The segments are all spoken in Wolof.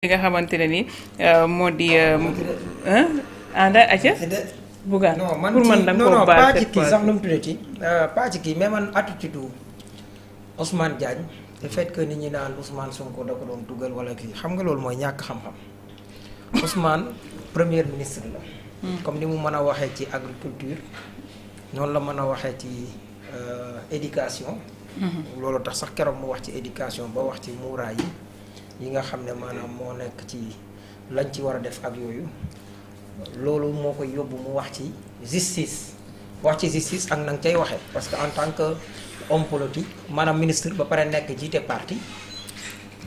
li nga xamante ne ni euh, moo di. anda aca bugaan pour man na nga koo baal non non sax nu mu tuddati euh, pas ci kii mais man attitude Ousmane Diagne le fait que nit ñi naan Ousmane Sonko da ko doon dugal wala kii xam nga loolu mooy ñàkk xam-xam Ousmane premier ministre la. Hmm. comme ni mu mën a waxee ci agriculture noonu la mën a waxee ci euh, éducation. Hmm. loolu tax sax keroog mu wax ci éducation ba wax ci muuraay yi. yi nga xam ne maanaam moo nekk ci lañ ci war a def ak yooyu loolu moo ko yóbbu mu wax ci justice wax ci justice ak na nga cay waxee parce que en tant que homme politique maanaam ministre ba pare nekk jiite parti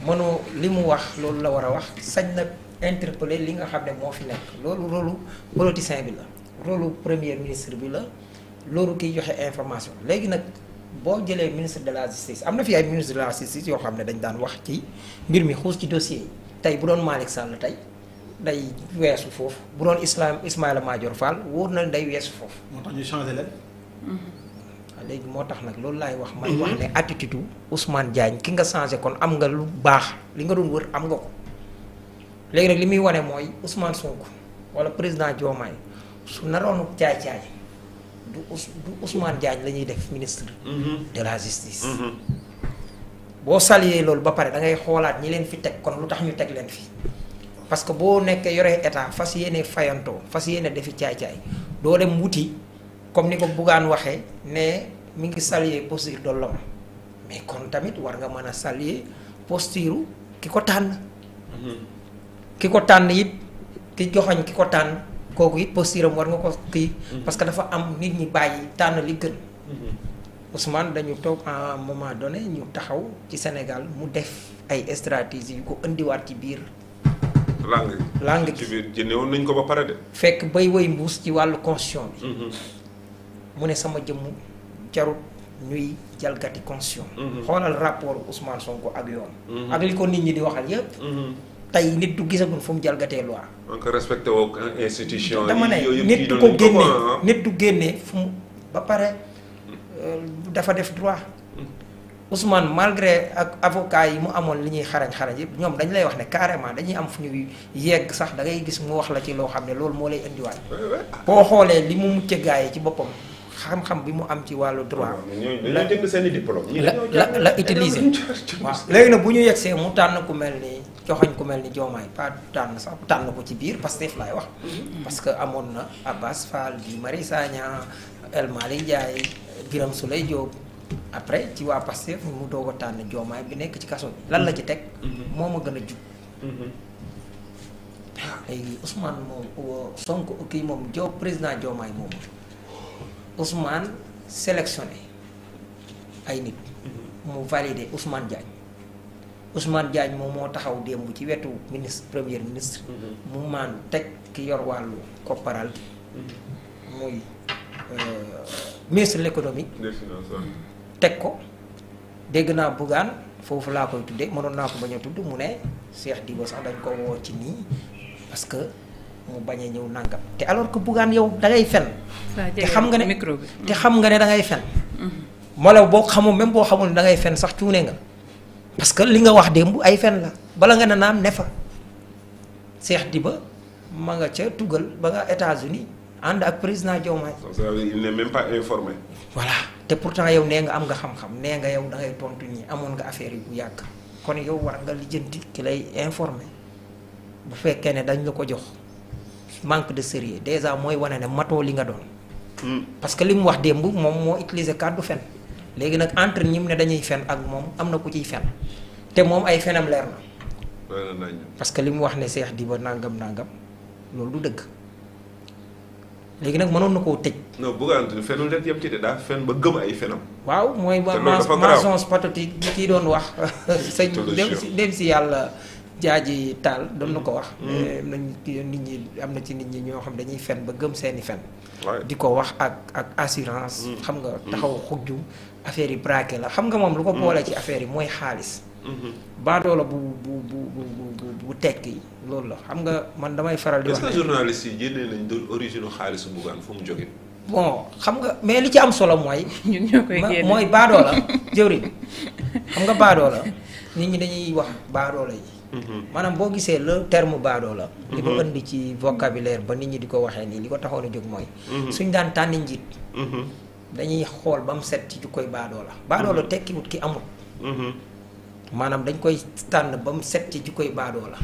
mënoo li mu wax loolu la war a wax sañ na interpeller li nga xam ne moo fi nekk loolu loolu politicien bi la loolu premier ministre bi la loolu kiy joxe information léegi nag boo jëlee ministre de la justice am na fi ay ministre de la justice yoo xam ne dañ daan wax ci mbir mi xuus ci dossier yi tey bu doon Malick Sall tey day weesu foofu bu doon Islam Ismaïla Madior Fall wóor na day weesu foofu. moo tax ñu changé leen. Mm-hmm. Ah, léegi moo tax nag loolu laay wax. man mm-hmm. wax ne attitude Ousmane Diagne ki nga changé kon am nga lu baax li nga doon wër am nga ko léegi nag li muy wane mooy Ousmane Sonko wala président Diomaye su naroon caay-caay. du Ous du Ousmane Diagne la ñuy def ministre. Mhm. de la justice. Mhm. boo salué loolu ba pare da ngay xoolaat ñi leen fi teg kon lu tax ñu teg leen fi parce que boo nekkee yore état fas yéene fayantoo fas yéene defi caay-caay doo dem wuti comme ni ko Bougane waxee ne mi ngi salué posture de mais kon tamit war nga mën a salué posture ki ko tànn. Mhm. ki ko tànn yit ki joxoñ ki ko tànn. kooku it posture am war nga ko kii. Mhm. parce que dafa am nit ñi bàyyi tànn li gën. Mhm. Ousmane dañu toog à moment donné ñu taxaw ci Sénégal mu def ay stratégie yu ko indiwaat ci biir. langue langue ci biir jëndee woon nañ ko ba pare de. fekk bay woy mbuus ci wàllu constitution bi. Mhm. mu ne sama jëmm jarut ñuy jalgati constitution. xoolal rapport Ousmane Sonko ak yoon. ak li ko nit ñi di waxal yépp tey nit du gisagul fu mu jalgatee loi. donc respecté woo institution. dama ne nit du ko génne ah. nit du génne fu mu ba pare euh, dafa def droit Ousmane malgré ak avocat yi mu amoon li ñuy xarañ xarañ yëpp ñoom dañ lay wax ne carrément dañuy am fu ñuy yegg sax da ngay gis mu wax la ci loo xam ne loolu moo lay indiwaat. boo xoolee li mu mucc gaay yi ci boppam. xam-xam bi mu am ci wàllu droit. Ah, la jënd i diplôme la la utiliser. waaw léegi nag bu ñu yegsee mu tànn ku mel ni joxoñ ku mel ni joomaay pas tànn sax tànn ko ci biir Pastef laay wax. Mm-hmm. parce que amoon na Abbas Fall bi Marie Sagna El Malick giram Birame Souleye Diop. après ci waa Pastef mu doog a tànn joomaay bi nekk ci kaso bi. lan la ci teg. Mm-hmm. moo ma gën a jub. waaw mm-hmm. ah, léegi Ousmane moom Sonko kii moom Diop président Diomaye moomu. Ousmane sélectionné ay nit. Mm-hmm. mu validé Ousmane Diagne Ousmane Diagne moom moo taxaw démb ci wetu ministre première ministre. Mm-hmm. mu maan teg ki yor wàllu kopparal. Mm-hmm. muy euh, ministre de teg ko dégg naa Bougane foofu laa koy tuddee mënoon naa ko bañ tudd mu ne Cheikh Diba sax dañ ko woo ci nii parce mu bañ a ñëw nangam te alors que Bougane yow da ngay fen te xam nga ne micro bi te xam nga ne dangay ngay fen mm-hmm. mala boo xamul même boo xamul ne da ngay fen sax cuune nga parce que li nga wax démb ay fen la bala nga ne naam ne fa di ba ma nga ca tugal ba nga États-Unis ànd ak président Diomaye il n'est voilà te pourtant yow nee nga am nga xam-xam nee nga yow da tontu nii amoon nga affaire yu bu yàgg kon yow war nga lijjanti ki lay informé bu fekkee ne dañ la ko jox manque de sérieux déjà mooy wane ne matoo li nga doon. parce que li mu wax démb moom moo utiliser kàddu fen. léegi nag entre ñim ne dañuy fen ak moom am na ku ciy fen te moom ay fenam leer na. parce que li mu wax ne Cheikh Diba nangam nangam loolu du dëgg. léegi nag mënoon na koo tëj. non bëgg fenul ci de daa fen ba gëm ay fenam. waaw mooy. te loolu bi kii doon wax. sëñ dem si dem si yàlla. jaaji taal doon na ko mm. wax. Mm. Eh, nañ nit ñi am na ci nit ñi ñoo xam dañuy fen ba gëm seeni fen. di ko wax ak ak assurance. Mm. xam nga taxaw xujju affaire yi braqué la xam nga moom lu ko boole ci affaire yi mooy xaalis. Mm-hmm. baadoola bu bu bu bu tekki loolu la xam nga man damay faral di wax. est-ce que journaliste yi génnee nañ doon origine mu jógee. bon xam nga mais li ci am solo mooy. ñun mooy baadoola jëwriñ xam nga baadoola nit ñi dañuy wax baadoola yi. maanaam boo gisee le terme baadoo la li ko indi ci vocabulaire ba nit ñi di ko waxee nii li ko taxoon a jóg mooy suñ daan tànni njiit dañuy xool ba mu set ci jukkoy baadoo la baadoo la tekkiwut ki amut maanaam dañ koy tànn ba mu set ci jikkoy baadoo la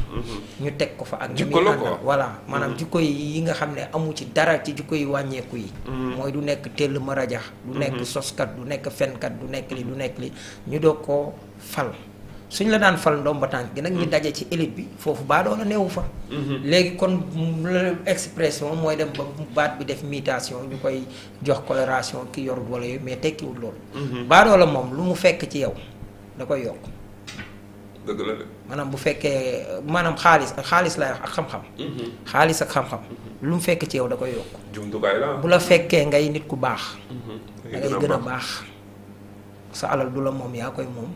ñu teg ko fa ak ñu muy àndal voilà maanaam mhm. jikko yi nga xam ne amu ci dara ci jikko yi wàññeeku yi mhm. mooy du nekk tëll ma rajax du nekk mhm. soskat du nekk fenkat du nekk li du nekk li ñu doog koo fal suñ la daan fal ndomba gi nag ñu mm-hmm. daje ci élite bi foofu baadoo la fa mm-hmm. léegi kon expression mooy dem ba baat bi def mutation ñu koy jox coloration ki yorut wala yooyu mais tekkiwul loolu mm-hmm. baadoo la moom lu mu fekk ci yow da koy yokk bu fekkee maanaam xaalis xaalis lay wax ak xam-xam fekk ci yow da koy yokk la bu la fekkee ngay nit ku baax ngay gën a baax sa alal du la moom yaa koy moom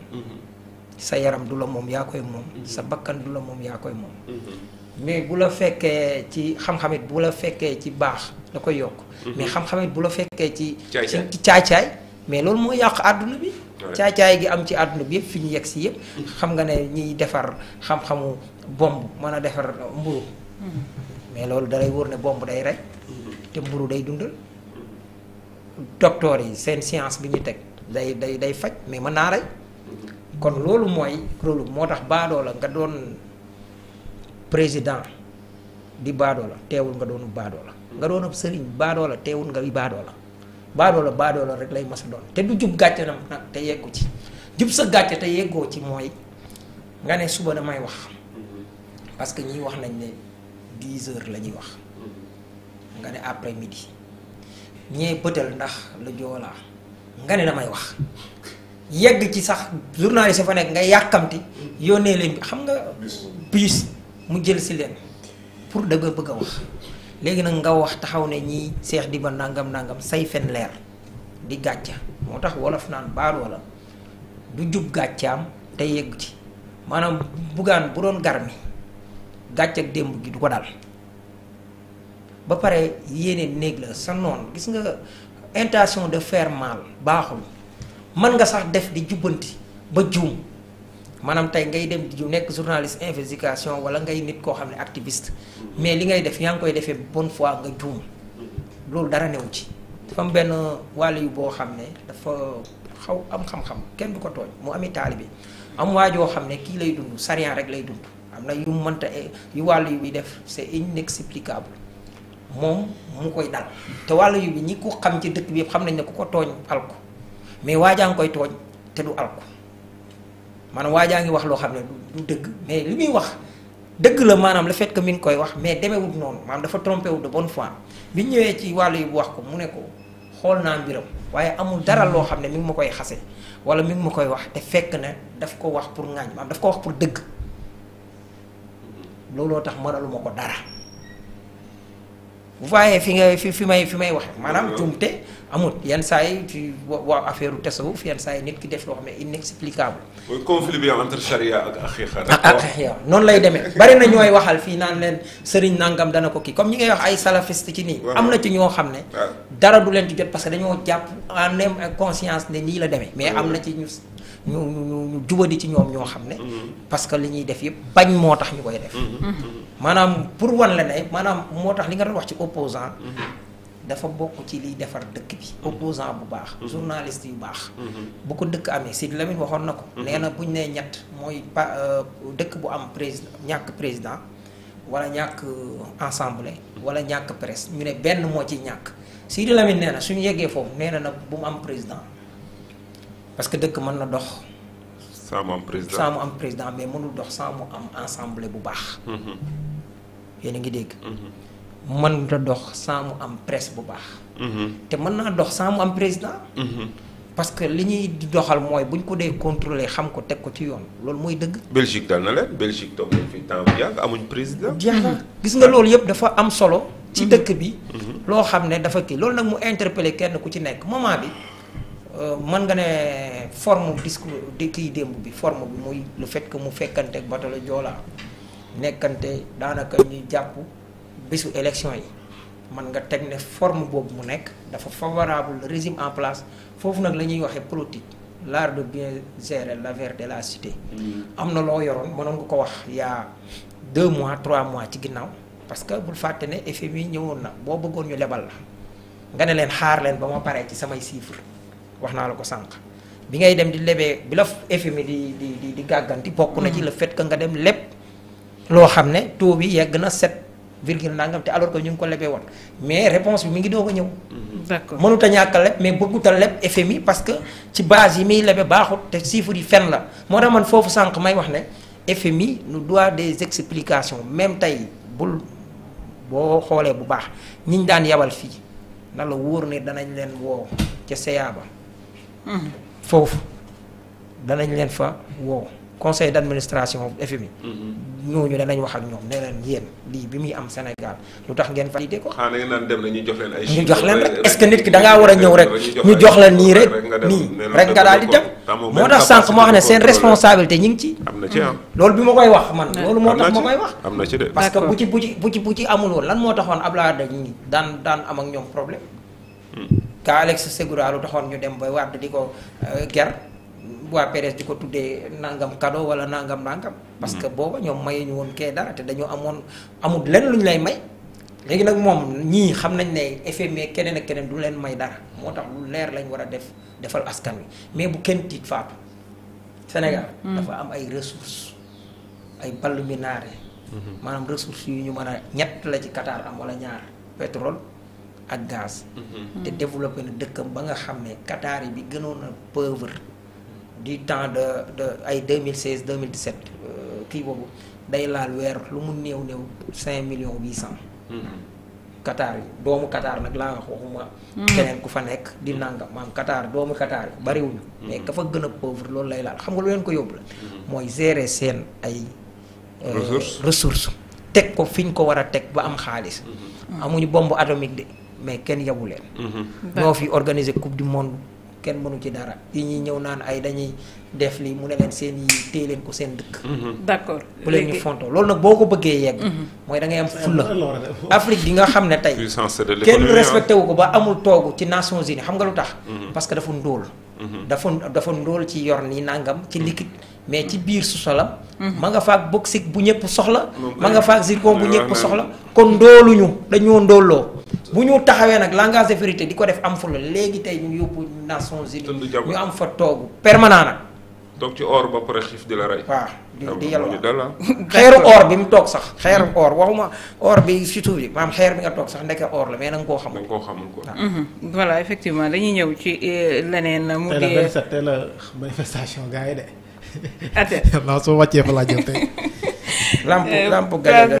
sa yaram du la moom yaa koy moom mhm. sa bakkan du la moom yaa koy moom mhm. mais bu la fekkee ci xam-xamit bu la fekkee ci baax da koy yokk mhm. mais xam-xamit bu la fekkee ci ci caay mais loolu moo yàq àdduna bi caay gi am ci àdduna bi yëpp fi ñu yegg si yëpp xam nga ne ñiy defar xam-xamu bomb mën a defar mburu mais loolu dalay wóor ne bomb day rey te mburu day dundal doctor yi seen science bi ñu teg day day day faj mais mën naa rey kon loolu mooy rôle moo tax baadoo la nga doon président di baadoo la teewul nga doon baadoo la nga doon ab sëriñ baadoo la teewul nga baadoo la baadoo la baadoo la rek lay mas doon te du jub gàcce nag te yeggu ci jub sa gàcce te yeggoo ci mooy nga ne suba damay wax parce que ñi wax nañ ne dix heures la ñuy wax nga ne après midi ñee bëtal ndax la joolaa nga ne damay wax yegg ci sax journaliste fa nekk nga yàkkamti yónnee leen xam nga bis mu jël si leen pour da nga bëgg a wax léegi nag nga wax taxaw ne ñii seex di ba nangam nangam say fen leer di gàcca moo tax wolof naan baal wala du jub gàccaam te yegg ci maanaam buggaan bu doon gar mi démb gi du ko dal ba pare yéene néeg la sa noon gis nga intention de faire mal baaxul man nga sax def di jubbanti ba juum maanaam tey ngay dem yu nekk journaliste investigation wala ngay nit koo xam ne activiste mais li ngay def yaa ngi koy defee bon fois nga juum loolu dara newu ci dafa am benn wàll yu boo xam ne dafa xaw am xam-xam kenn du ko tooñ mu ami taali bi am waajoo xam ne kii lay dund sariya rek lay dund am na yu mënta yu wàll yu bi def c'est inexplicable moom mu koy dal te wàll yu bi ñi ko xam ci dëkk bi yëpp xam nañ ne ku ko tooñ al mais waajaa ngi koy tooñ te du alko maanaam waajaa ngi wax loo xam ne du dëgg mais li muy wax dëgg la maanaam le fait que mi ngi koy wax mais demewut noonu maanaam dafa trompé wu de bonne foi bi ñëwee ci wàll yi bu wax ko mu ne ko xool naa mbiram waaye amul dara loo xam ne mi ngi ma koy xase wala mi ngi ma koy wax te fekk na daf ko wax pour ŋaañ maanaam daf ko wax pour dëgg looloo tax mënaluma ko dara vous fi nga fi fi may fi may waxee maanaam juumte amut yenn saa yi wa affaire tesu tasawuf yenn saa yi nit ki def loo xam ne inexplicable. mooy conflit bi entre ah, noonu lay demee bari na ñooy waxal fii naan leen sëriñ nangam dana ko kii comme ñi ngay wax ay salafiste ci nii. am na ci ñoo xam ne. Ah. dara du leen ci jot parce que dañoo jàpp en même conscience ne nii la demee. mais am na ci ñu ñu ñu jubadi ci ñoom ñoo xam ne. Mm-hmm. parce que li ñuy def yëpp bañ moo tax ñu koy def. Mm-hmm. Mm-hmm. maanaam pour wan la ne maanaam moo tax li nga doon wax ci opposant mhm. dafa bokk ci liy defar dëkk bi mhm. opposant bu baax mhm. journaliste yu baax bu ko dëkk amee Sidi Lamine waxoon na ko nee na ñu nee ñett mooy pa euh, dëkk bu am président ñàkk président wala ñàkk euh, ensemble wala ñàkk presse ñu ne benn moo ci ñàkk Sidi Lamine nee na suñu yeggee foofu nee na nag bu mu am président parce que dëkk mën na dox sans mu am président mu am président mais mënul dox saa mu am ensemble bu baax yéen a ngi dégg. Mhm. mën na dox sans mu am presse bu baax. Mhm. te mën naa dox sans mu am président. Mhm. parce que li ñuy doxal mooy bu ñu ko dee contrôler xam ko teg ko ci yoon loolu mooy dëgg. Belgique dal na leen Belgique toog nañ fi temps bu yàgg amuñ président. jeex gis nga loolu yëpp dafa am solo. ci dëkk bi. loo xam ne dafa kii loolu nag mu interpellé kenn ku ci nekk moment bi euh, mën nga ne forme discours di kii démb bi form bi muy lu fekk mu fekkante ak bateau Joola. nekkante daanaka ñuy jàpp bésu élection yi man nga teg ne forme boobu mu nekk dafa favorable le en place foofu nag la ñuy waxee politique l'art de bien gérer l'affaire de la cité. Mm. am na loo yoroon mënoon nga ko wax yaa deux mois trois mois ci ginnaaw parce que bul fàtte ne FMI ñëwoon na boo bëggoon ñu lebal la nga ne leen xaar leen ba ma paree ci samay chiffres wax naa la ko sànq bi ngay dem di lebee bi la FMI di di di gàgganti bokk na ci mm. la fait que nga dem lépp. loo xam ne taux bi yegg na set sept virgule nangam te alors que ñu ngi ko lebee woon mais réponse bi mu ngi doog a ñëw. d'accord mënut a ñàkk a leb mais bëggut a leb FMI parce que ci base yi muy lebe baaxut te chiffre yi fen la moo tax man foofu sànq may wax ne FMI nu doit des explications même tey bul boo xoolee bu baax ñiñ daan yabal fii na la wóor ne danañ leen woow ca CA ba. Hmm. foofu danañ leen fa wow conseil d'administration FMI. Mm-hmm. ñooñu danañ wax ak ñoom ne leen lii bi muy am Sénégal lu tax ngeen validé ko. xanaa ngeen naan dem na ñu jox leen ay. ñu jox rek est que nit ki da war a ñëw rek. ñu jox la nii rek nii rek nga daal di dem. moo tax sànq moo xam ne seen responsabilité ñi ngi ci. am na ci hmm. loolu bi ma koy wax man. loolu moo tax ma koy wax. am na ci de parce que bu ci bu ci bu ci bu lan moo taxoon Abdoulaye Wade ñi daan daan am ak ñoom problème. Hmm. ka Alex Segura lu taxoon ñu dem ba Wade di ko euh, ger waa PDS di ko tuddee nangam cadeau wala nangam nangam. parce que mm-hmm. booba ñoom mayuñu woon kee dara te dañoo amoon amul lenn lu ñu lay may. léegi nag moom ñii xam nañ ne FMI keneen ak keneen du leen may dara moo tax lu leer lañ war a def defal askan wi mais bu kenn tiit faatu. Sénégal mm-hmm. dafa am ay ressources ay ballu minaare. Mm-hmm. maanaam ressources yu ñu man a ñett la ci Qatar am wala ñaar pétrole. ak gaz. te développé na dëkkam ba nga xam ne Qatar yi bi gënoon a du temps de de ay 2016 2017 euh, kii boobu day laal weer lu mu néew néew cinq millions 800. Mm-hmm. Qatar yi doomu Qatar nag laa wax mm. keneen ku fa nekk di nangam maam Qatar doomu Qatar yi bariwuñu. Mm-hmm. mais ka fa gën a pauvre loolu lay laal xam nga lu leen ko yóbbu la. Mm-hmm. mooy gérer seen ay. Euh, ressources teg ko fi ñu ko war a teg ba am xaalis. amuñu bombe atomique de mais kenn yabu leen. ñoo fi organiser coupe du monde. kenn mënu ci dara yi ñuy ñëw naan ay dañuy def lii mu ne leen seen yi téye leen ko seen dëkk. Mhm. d'accord bu leen ñu fonto loolu nag boo ko bëggee yegg. Mhm. mooy da ngay am fulla Afrique gi nga xam ne tey. puissance de l'économie kenn respecté wu ko ba amul toogu ci Nations Unies xam nga lu tax. Mhm. parce que dafa ndóol. dafa dafa ndóol ci yor nii nangam ci liquide. mais ci biir su solam mhm. ma nga faak bauxite bu ñëpp soxla ma nga faak zircon bu ñëpp soxla kon ndooluñu dañoo ndooloo bu ñu taxawee nag langage de di ko def am fula léegi tey ñu yóbbu Nations Unies ñu am fa toog permanent nag toog ci or ba pare xiif di la rey waaw di yàlla ah. xeeru or bi mu toog sax xeeru hmm. or waxuma or bi surtout yi maam xeer bi nga toog sax ndeke or la mais nag nga koo xamul koo xamul ko mhm. voilà effectivement dañuy ñëw ci eh, leneen mu di eh, la manifestation gars atel naa soo wàccee fa laa jël tey. lamp lamp gàncax